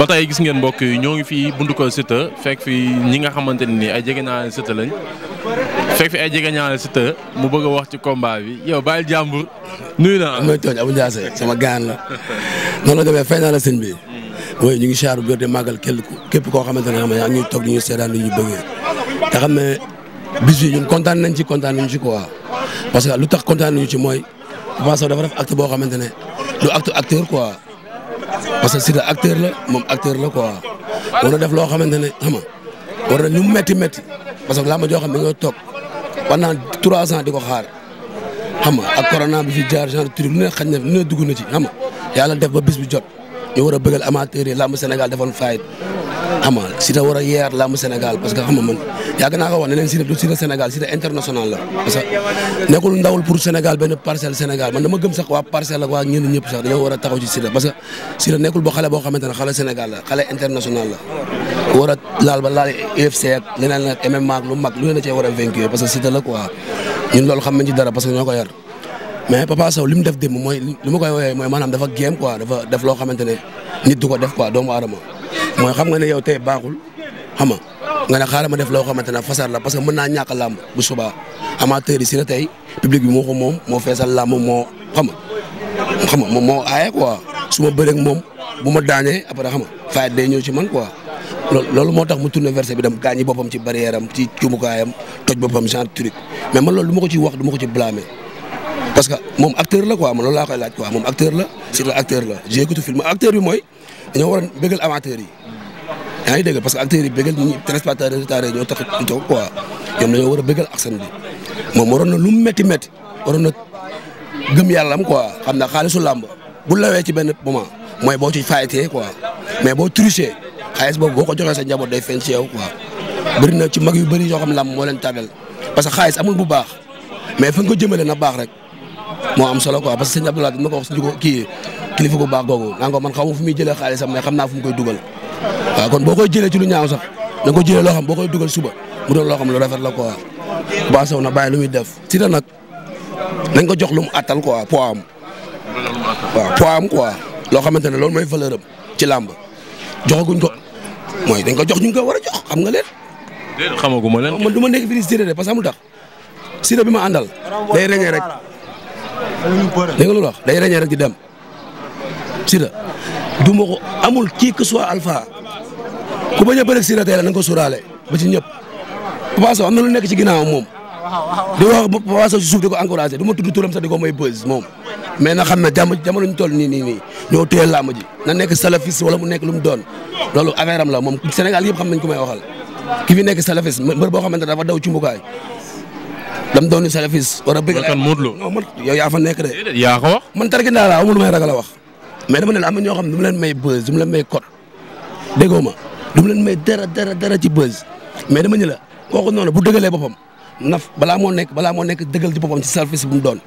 ba tey gis ngeen mbokk yi ñoo ngi fii buntu ko Siteu fekk fi ñi nga xamante ne nii ay jegeñaale Siteu lañ fekk fi ay jege ñaan Siteu mu bëgg a wax ci combat bi yow bàyyil jàmbur nuyu naa. am na tooñ Abou Ndiassé sama gaan la noonu la demee fay naa la sëñ bi mooy ñu ngi saaru biir de màggal képp koo xamante ne xam nga ñuy toog ñu seedaan li ñu bëggee te xam ne bis yi ñun kontaan nañ ci kontaan nañ ci quoi parce que lu tax kontaan nañu ci mooy Papa Sow dafa def acte boo xamante ne du acte acteur quoi. parce que Siteu acteur la moom acteur la quoi war na def loo xamante ne xam nga war na ñu metti métti parce que làmb joo xam ne nga toog pendant trois ans di ko xaar xam nga ak corona bi fi jaar genre truc lu ne xañ na lu ne dugg na ci xam nga yàlla def ba bis bi jot ñu war a bëggal amateur yi làmb Sénégal defoon faayit xam nga Siteu war a yeer làmb Sénégal parce que xam nga man yàgg naa ko wax ne leen Sénégal Siteu international la parce que nekkul ndawul pour Sénégal benn parcelle Sénégal man dama gëm sax waa parcelle ak waa ñenn ñëpp sax dañoo a taxaw ci Siteu parce que Siteu nekkul ba xale boo ne xale Sénégal la xale international a lu mag lu leen da cee war a parce que Siteu la loolu xam nañ dara parce que ñoo ko mais Papa Sow li mu def démb mooy li ma koy woowee mooy maanaam dafa géem quoi dafa def loo xamante ne nit du ko def quoi doomu aadama mooy xam nga ne yow tey baaxul xam nga ne xaaral ma def loo xamante ne fasar la parce que mën naa ñaaka làmb bu subaa amateur yi si la tey public bi moo ko moom moo feesal làmb moo xama nga xam nga moom moo aaye quoi su ma bëreeg moom bu ma daanee après xam nga fayat day ñëw ci man quoi. loolu moo tax mu tourné verset bi dem gaañi boppam ci barrière am ci cumukaayam toj boppam genre truc mais ma loolu du ma ko ci wax du ma ko ci blame parce que moom acteur la quoi man loolu laa koy laaj quoi moom acteur la si la acteur la j'ai écouté film acteur bi mooy dañoo war a bëggal yi yaa ngi dégg parce que acteur yi bëggal nit ñi téléspectateurs retardé ñoo tax ñu toog quoi ñoom dañoo war a bëggal ak bi moom waroon na lu mu métti métti waroon na gëm yàlla am quoi xam na xaalisu làmb bu lawee ci benn moment mooy boo ci fayatee quoi mais boo triché xaalis boobu boo ko joxee sa njaboot day feeñ ci yow quoi na ci mag yu bëri yoo xam làmb moo leen tàggal parce que xaalis amul bu baax mais fa nga ko jëmale na rek moo am solo quoi parce que sëñ Abdoulaye dina ko wax suñu kii kilifa bu baax googu naa ko man xaw ma fu muy jëlee xaalisam mais xam naa fu koy dugal waaw kon boo koy jëlee ci lu ñaaw sax da nga ko jëlee loo xam boo koy dugal suba mu doon loo xam lu rafet la quoi Papa Sow na bàyyi lu muy def si da nag nañ ko jox lu mu attal quoi poids am waaw poids am quoi loo xamante ne loolu mooy valeur am ci làmb joxaguñ ko mooy dañ ko jox ñu ngi ko war a jox xam nga leen. déedéet xamaguma leen ah, man du ma nekk fii nii Siteu de parce que amul bi ma àndal dégg nga lu wax day reñee rek di dem Siteu du ma ko amul kii que soit alpha ku bañ a bëri Siteu tey la na nga ko sóoraale ba ci ñëpp na lu nekk ci ginnaawam moom di wax Papa Sow ci suuf di ko encouragé du ma tudd turam sax di ko moom mais na xam na jàmm jamono ñu tol ni ni nii ñoo téye làmb ji na nekk salafis wala mu nekk lu mu doon loolu affaire am la moom Sénégal yëpp xam nañ ko may waxal ki fi nekk salafis mbër boo xamante dafa daw ci mbukaay dam doon ñu salafis war a bëgg yaa fa nekk de yaa ko man tarki ndaa la amul lu may ragal a wax mais dama leen am na ñoo xam ne du mu leen may ma du mu leen may dara dara dara ci buzz mais dama ñu la kooku noonu bu dëgalee boppam balaa moo nekk balaa moo nekk dëgal ci boppam ci salafis bu mu doon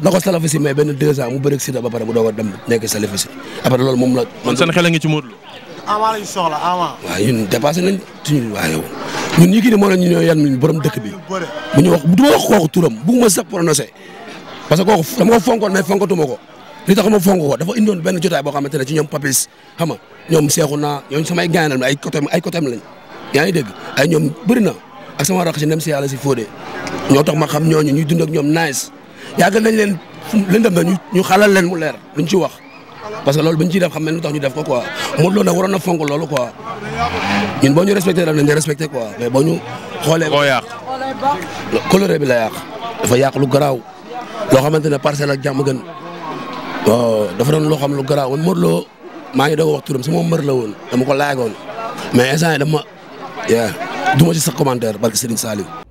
na ko salafis yi mais benn deux ans mu bëri si ba pare mu doog a nekk salafis yi après loolu moom la man seen xel a ngi ci Modou ñun ñi ki ne moo ñu ñoo yan borom dëkk bi mu ñu wax du ma wax kooku turam bugguma sax prononcé parce que kooku dama ko fonkoon mais fonkatuma ko li tax ma fonk ko dafa indoon benn jotaay boo xamante ne ci ñoom papis xam nga ñoom seexu naa ñoom samay gaañal ay côté ay côté lañ yaa ngi dégg ay ñoom bëri na ak sama rakk si nem si yàlla si Fodé ñoo tax ma xam ñooñu ñuy dund ak ñoom nice yàgg nañ leen lëndam na ñu xalal leen mu leer luñ ci wax parce que loolu bu ñu ciy def xam ne lu tax ñu def ko quoi Modou Lo nag waroon na fonk loolu quoi ñun boo ñu respecté daf leen di respecté quoi mais boo ñu xoolee. koo yàq coloré bi la yàq dafa yàq lu garaaw loo xamante ne parcelle ak jàmm gën dafa doon loo xam lu garaaw man Modou Lo maa ngi doog wax turam su ma mër la woon dama ko laagoon mais instant yii dama ma du ma ci sax commentaire barke Serigne Saliou.